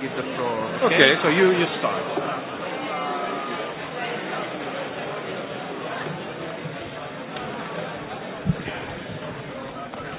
give the floor. Okay, okay so you, you start.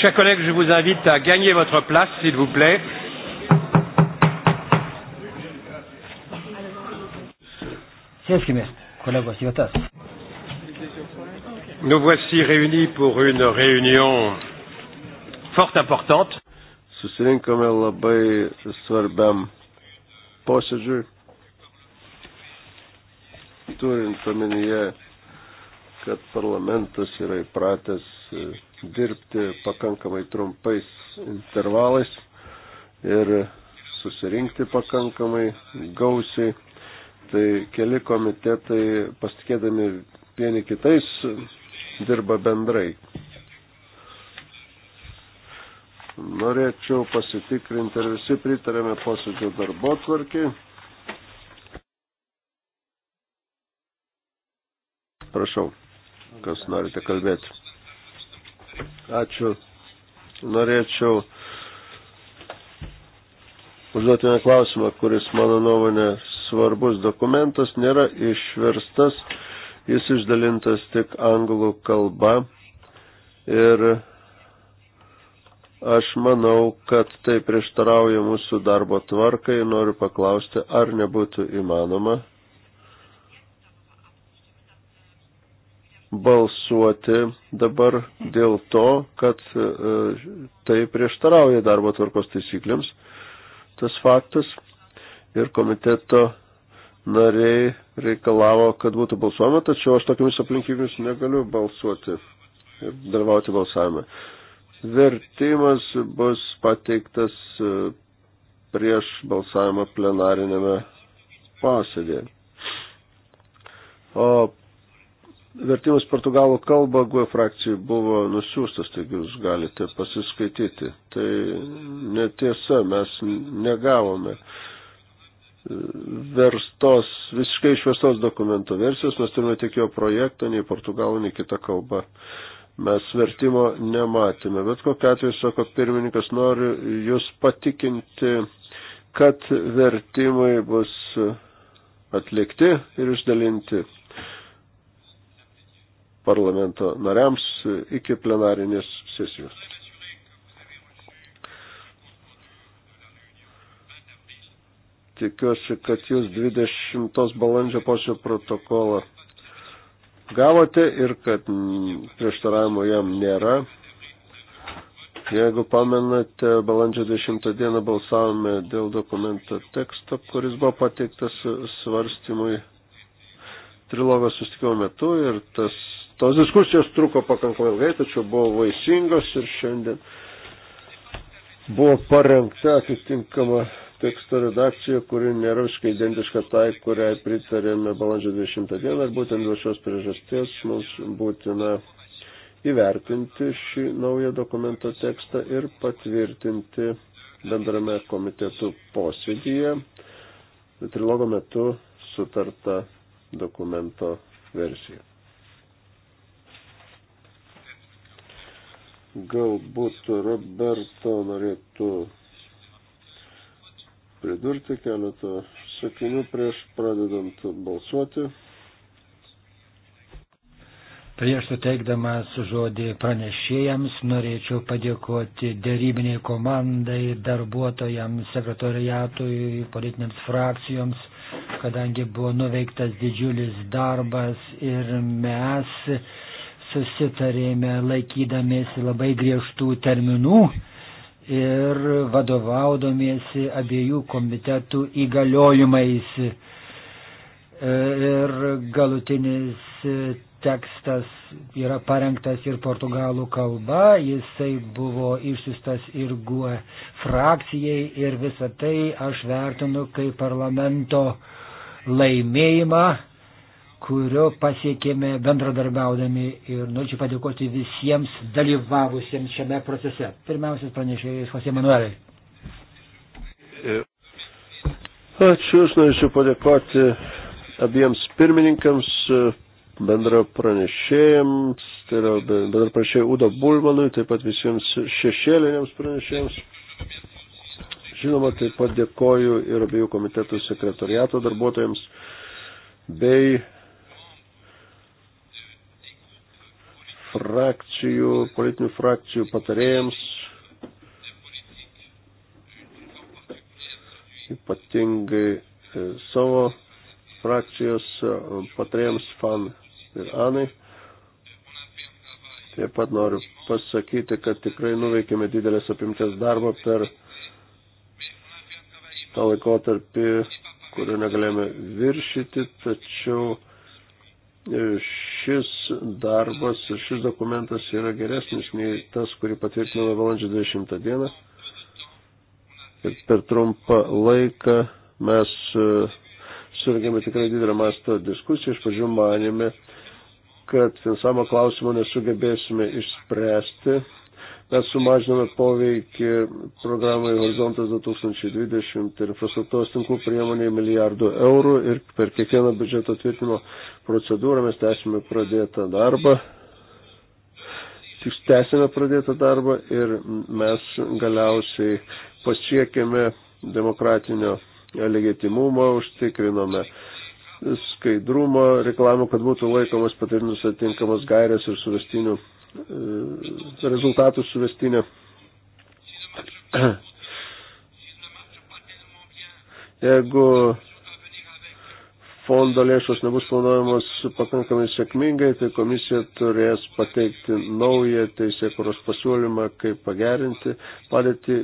Chers collègues, je vous invite à gagner votre place, s'il vous plaît. Sėskimės, kolegos, vietas. Nous voici réunis pour une réunion fort importante. Susirinkome labai svarbiam posėdžiui, turint omenyje, kad parlamentas yra įpratęs e, dirbti pakankamai trumpais intervalais ir susirinkti pakankamai gausiai, tai keli komitetai pasitikėdami vieni kitais dirba bendrai. Norėčiau pasitikrinti, ar visi pritarėme posėdžio darbo tvarkiai. Prašau, kas norite kalbėti. Ačiū. Norėčiau užduoti vieną klausimą, kuris mano nuomonė svarbus dokumentas, nėra išverstas, jis išdalintas tik anglų kalba ir Aš manau, kad tai prieštarauja mūsų darbo tvarkai. Noriu paklausti, ar nebūtų įmanoma balsuoti dabar dėl to, kad e, tai prieštarauja darbo tvarkos taisyklėms. Tas faktas ir komiteto nariai reikalavo, kad būtų balsuojama, tačiau aš tokiamis aplinkybėmis negaliu balsuoti ir dalyvauti balsavime. Vertimas bus pateiktas e, prieš balsavimą plenarinėme posėdėje. O vertimas portugalų kalba GUE frakcijai buvo nusiųstas, taigi jūs galite pasiskaityti. Tai netiesa, mes negavome e, verstos, visiškai išvestos dokumento versijos, mes turime tik jo projektą, nei portugalų, nei kita kalba. Uh, mes vertimo nematėme. Bet kokia atveju, sako pirmininkas, noriu jūs patikinti, kad vertimai bus atlikti ir išdalinti parlamento nariams iki plenarinės sesijos. Tikiuosi, kad jūs 20 balandžio posėdžio protokolą gavote ir kad prieštaravimo jam nėra. Jeigu pamenate, balandžio 10 dieną balsavome dėl dokumento teksto, kuris buvo pateiktas svarstymui trilogo sustikimo metu ir tas, tos diskusijos truko pakankamai ilgai, tačiau buvo vaisingos ir šiandien buvo parengta atitinkama teksto redakcija, kuri nėra visiškai identiška tai, kuriai pritarėme balandžio 20 dieną ir būtent dėl šios priežasties mums būtina įvertinti šį naują dokumento tekstą ir patvirtinti bendrame komitetų posėdyje trilogo metu sutarta dokumento versija. Galbūt Roberto norėtų pridurti keletą sakinių prieš pradedant balsuoti. Prieš suteikdamas žodį pranešėjams norėčiau padėkoti dėrybiniai komandai, darbuotojams, sekretoriatui, politinėms frakcijoms, kadangi buvo nuveiktas didžiulis darbas ir mes susitarėme laikydamėsi labai griežtų terminų ir vadovaudomiesi abiejų komitetų įgaliojimais. E, ir galutinis tekstas yra parengtas ir portugalų kalba, jisai buvo išsiustas ir GUE frakcijai ir visą tai aš vertinu kaip parlamento laimėjimą kurio pasiekėme bendradarbiaudami ir norėčiau padėkoti visiems dalyvavusiems šiame procese. Pirmiausias pranešėjas Jose Manuelai. Ačiū, aš norėčiau padėkoti abiems pirmininkams, bendra pranešėjams, tai yra bendra pranešėjai Udo Bulmanui, taip pat visiems šešėliniams pranešėjams. Žinoma, taip pat dėkoju ir abiejų komitetų sekretoriato darbuotojams bei frakcijų, politinių frakcijų patarėjams, ypatingai e, savo frakcijos e, patarėjams fan ir anai. Taip pat noriu pasakyti, kad tikrai nuveikėme didelės apimties darbą per tą laikotarpį, kurio negalėjome viršyti, tačiau e, šis darbas ir šis dokumentas yra geresnis nei tas, kurį patvirtinome valandžio 20 dieną. Ir per trumpą laiką mes e, surgėme tikrai didelę masto diskusiją. Iš pradžių manėme, kad finansavimo klausimo nesugebėsime išspręsti. Mes sumažinome poveikį programai Horizontas 2020 ir infrastruktūros tinklų priemonėje milijardų eurų ir per kiekvieną biudžeto tvirtinimo procedūrą, mes tęsime pradėtą darbą. Tik tęsime pradėtą darbą ir mes galiausiai pasiekėme demokratinio legitimumo, užtikrinome skaidrumą, reklamų, kad būtų laikomas patvirtinus atinkamas gairės ir suvestinių, e, rezultatų suvestinė. Jeigu fondo lėšos nebus planuojamos pakankamai sėkmingai, tai komisija turės pateikti naują teisėkuros pasiūlymą, kaip pagerinti padėtį.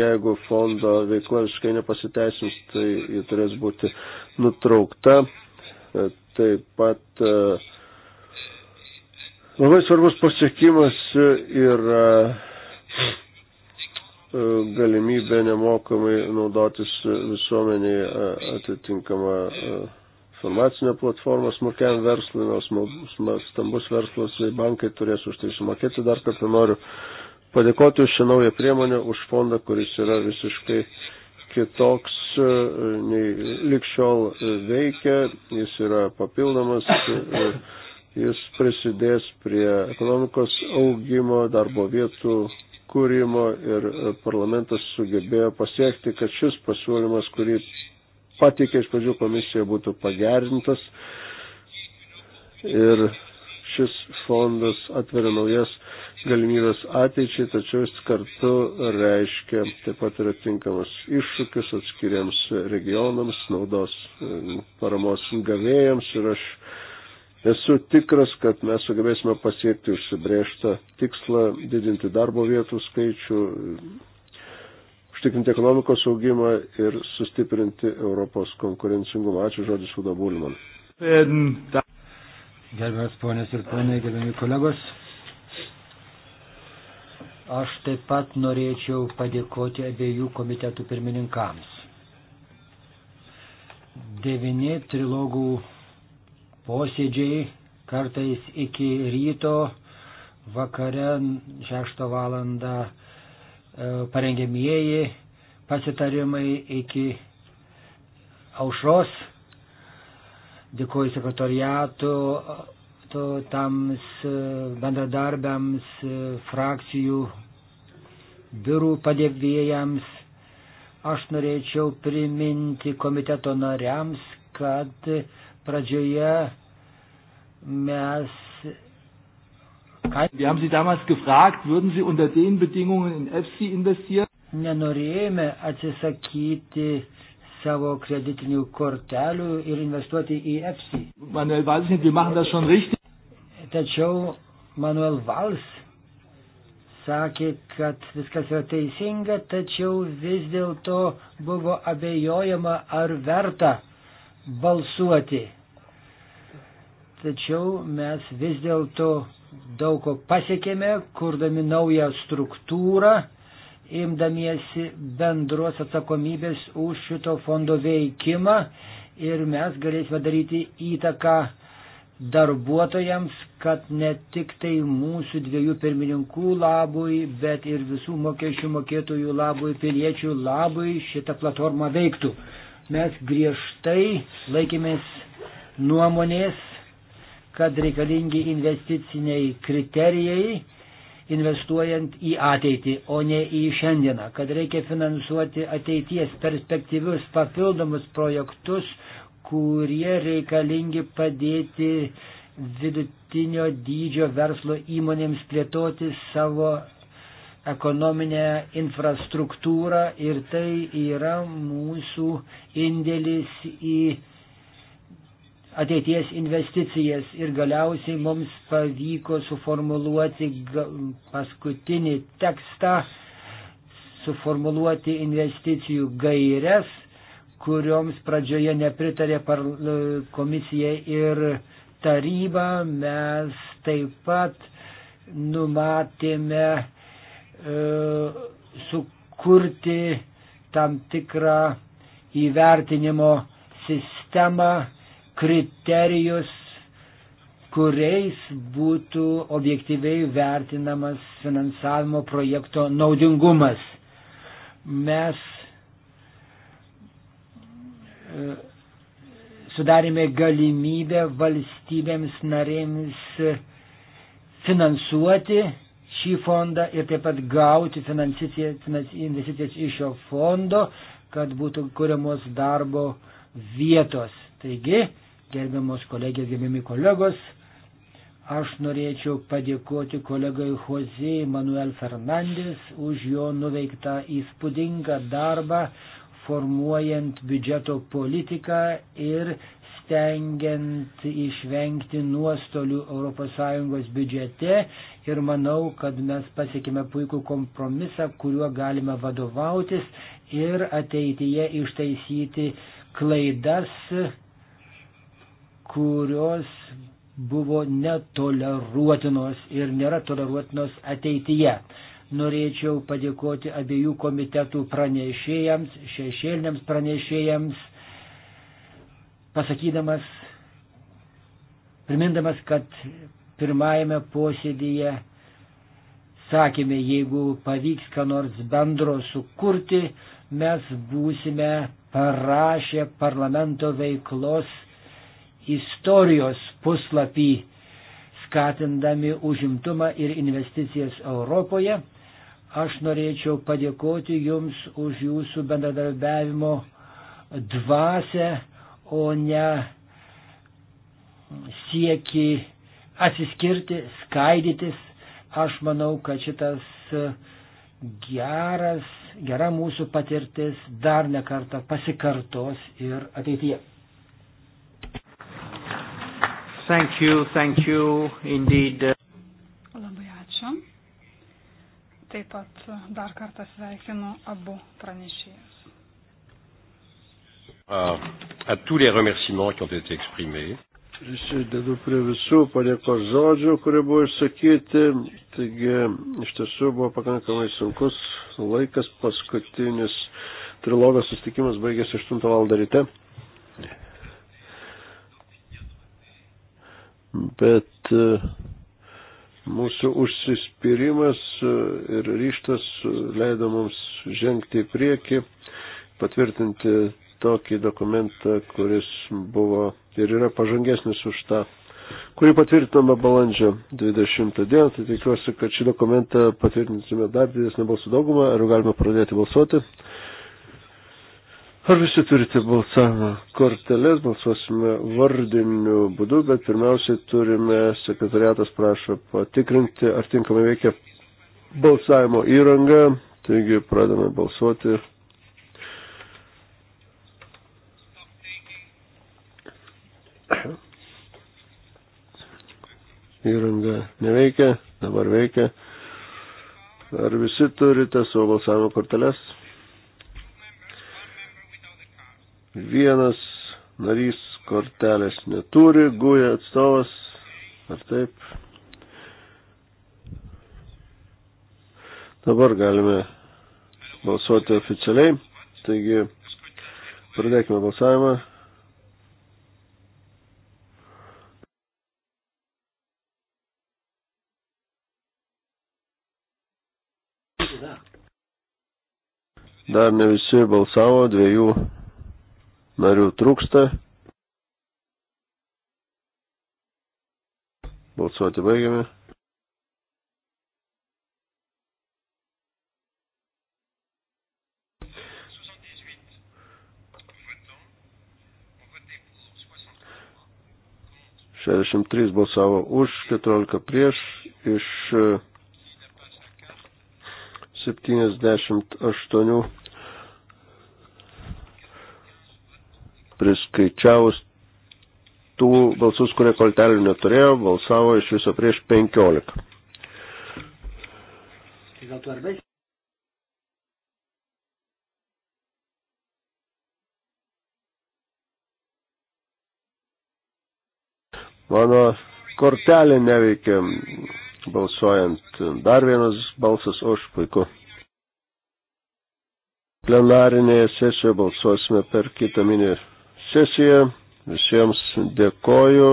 Jeigu fondo veikla visiškai nepasiteisins, tai ji turės būti nutraukta. Taip pat e, labai svarbus pasiekimas yra e, galimybė nemokamai naudotis visuomenėje atitinkamą e, informacinę platformą smulkiam verslui, nors stambus verslas bei tai bankai turės už tai sumokėti. Dar kartą noriu padėkoti už šią naują priemonę, už fondą, kuris yra visiškai kitoks e, nei likščiol e, veikia, jis yra papildomas, e, jis prisidės prie ekonomikos augimo, darbo vietų kūrimo ir parlamentas sugebėjo pasiekti, kad šis pasiūlymas, kurį pateikė iš pradžių komisija būtų pagerintas ir šis fondas atveria naujas galimybės ateičiai, tačiau jis kartu reiškia taip pat yra tinkamas iššūkis atskiriams regionams, naudos e, paramos gavėjams ir aš esu tikras, kad mes sugebėsime pasiekti užsibrėžtą tikslą, didinti darbo vietų skaičių, užtikrinti ekonomikos augimą ir sustiprinti Europos konkurencingumą. Ačiū žodis Uda Bulman. Gerbiamas ponės ir ponai, gerbiami kolegos. Aš taip pat norėčiau padėkoti abiejų komitetų pirmininkams. Devini trilogų posėdžiai kartais iki ryto, vakare 6 valandą E, parengėmieji pasitarimai iki aušros. Dėkuoju sekretoriatu, tams e, bendradarbiams, e, frakcijų biurų padėvėjams. Aš norėčiau priminti komiteto nariams, kad pradžioje mes Wir haben Sie damals gefragt, würden Sie unter den Bedingungen in EFSI investieren? Nenorėjome atsisakyti savo kreditinių kortelių ir investuoti į EFSI. Manuel Valls, wir machen das schon richtig. Tačiau Manuel Valls sakė, kad viskas yra teisinga, tačiau vis dėlto buvo abejojama, ar verta balsuoti. Tačiau mes vis dėlto daug ko pasiekėme, kurdami naują struktūrą, imdamiesi bendros atsakomybės už šito fondo veikimą ir mes galėsime daryti įtaką darbuotojams, kad ne tik tai mūsų dviejų pirmininkų labui, bet ir visų mokesčių mokėtojų labui, piliečių labui šitą platformą veiktų. Mes griežtai laikėmės nuomonės kad reikalingi investiciniai kriterijai investuojant į ateitį, o ne į šiandieną, kad reikia finansuoti ateities perspektyvius papildomus projektus, kurie reikalingi padėti vidutinio dydžio verslo įmonėms plėtoti savo ekonominę infrastruktūrą ir tai yra mūsų indėlis į ateities investicijas ir galiausiai mums pavyko suformuluoti paskutinį tekstą, suformuluoti investicijų gairias, kurioms pradžioje nepritarė komisija ir taryba. Mes taip pat numatėme e, sukurti tam tikrą įvertinimo sistemą kriterijus, kuriais būtų objektyviai vertinamas finansavimo projekto naudingumas. Mes e, sudarėme galimybę valstybėms narėms finansuoti šį fondą ir taip pat gauti investicijas iš šio fondo, kad būtų kuriamos darbo vietos. Taigi, gerbiamos kolegės, gerbiami kolegos. Aš norėčiau padėkoti kolegai Jose Manuel Fernandės už jo nuveiktą įspūdingą darbą formuojant biudžeto politiką ir stengiant išvengti nuostolių ES biudžete ir manau, kad mes pasiekime puikų kompromisą, kuriuo galime vadovautis ir ateityje ištaisyti klaidas kurios buvo netoleruotinos ir nėra toleruotinos ateityje. Norėčiau padėkoti abiejų komitetų pranešėjams, šešėliniams pranešėjams, pasakydamas, primindamas, kad pirmajame posėdėje sakėme, jeigu pavyks ką nors bendro sukurti, mes būsime parašę parlamento veiklos istorijos puslapį, skatindami užimtumą ir investicijas Europoje. Aš norėčiau padėkoti Jums už Jūsų bendradarbiavimo dvasę, o ne sieki atsiskirti, skaidytis. Aš manau, kad šitas geras, gera mūsų patirtis dar nekartą pasikartos ir ateityje. Thank you, thank you indeed. Labai ačiū. Taip pat dar kartą sveikinu abu pranešėjus. À, à tous les remerciements qui ont été exprimés. Prisidedu prie visų padėkos žodžių, kurie buvo išsakyti. Taigi, iš tiesų buvo pakankamai sunkus laikas. Paskutinis trilogas sustikimas baigėsi 8 val. ryte. bet e, mūsų užsispyrimas e, ir ryštas e, leido mums žengti į priekį, patvirtinti tokį dokumentą, kuris buvo ir yra pažangesnis už tą, kurį patvirtinome balandžio 20 dieną. Tai tikiuosi, kad šį dokumentą patvirtinsime dar didesnį balsų daugumą. Ar galime pradėti balsuoti? Ar visi turite balsavimo korteles, balsuosime vardiniu būdu, bet pirmiausiai turime, sekretariatas prašo patikrinti, ar tinkamai veikia balsavimo įranga, taigi pradame balsuoti. Įranga neveikia, dabar veikia. Ar visi turite savo balsavimo korteles? Vienas narys kortelės neturi, guja atstovas, ar taip. Dabar galime balsuoti oficialiai, taigi pradėkime balsavimą. Dar ne visi balsavo, dviejų narių trūksta. Balsuoti baigiame. Šešdešimt trys balsavo už, keturiolika prieš, iš e, septyniasdešimt aštuonių priskaičiavus tų balsus, kurie koltelių neturėjo, balsavo iš viso prieš 15. Mano kortelė neveikia balsuojant. Dar vienas balsas už puiku. Plenarinėje sesijoje balsuosime per kitą minį sesiją. Visiems dėkoju.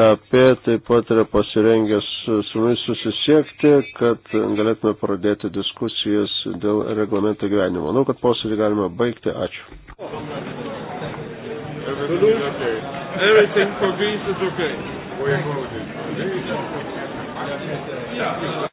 EP taip pat yra pasirengęs su mumis susisiekti, kad galėtume pradėti diskusijas dėl reglamento gyvenimo. Manau, kad posėdį galime baigti. Ačiū. Everything for Greece is okay. We are closing. Yeah.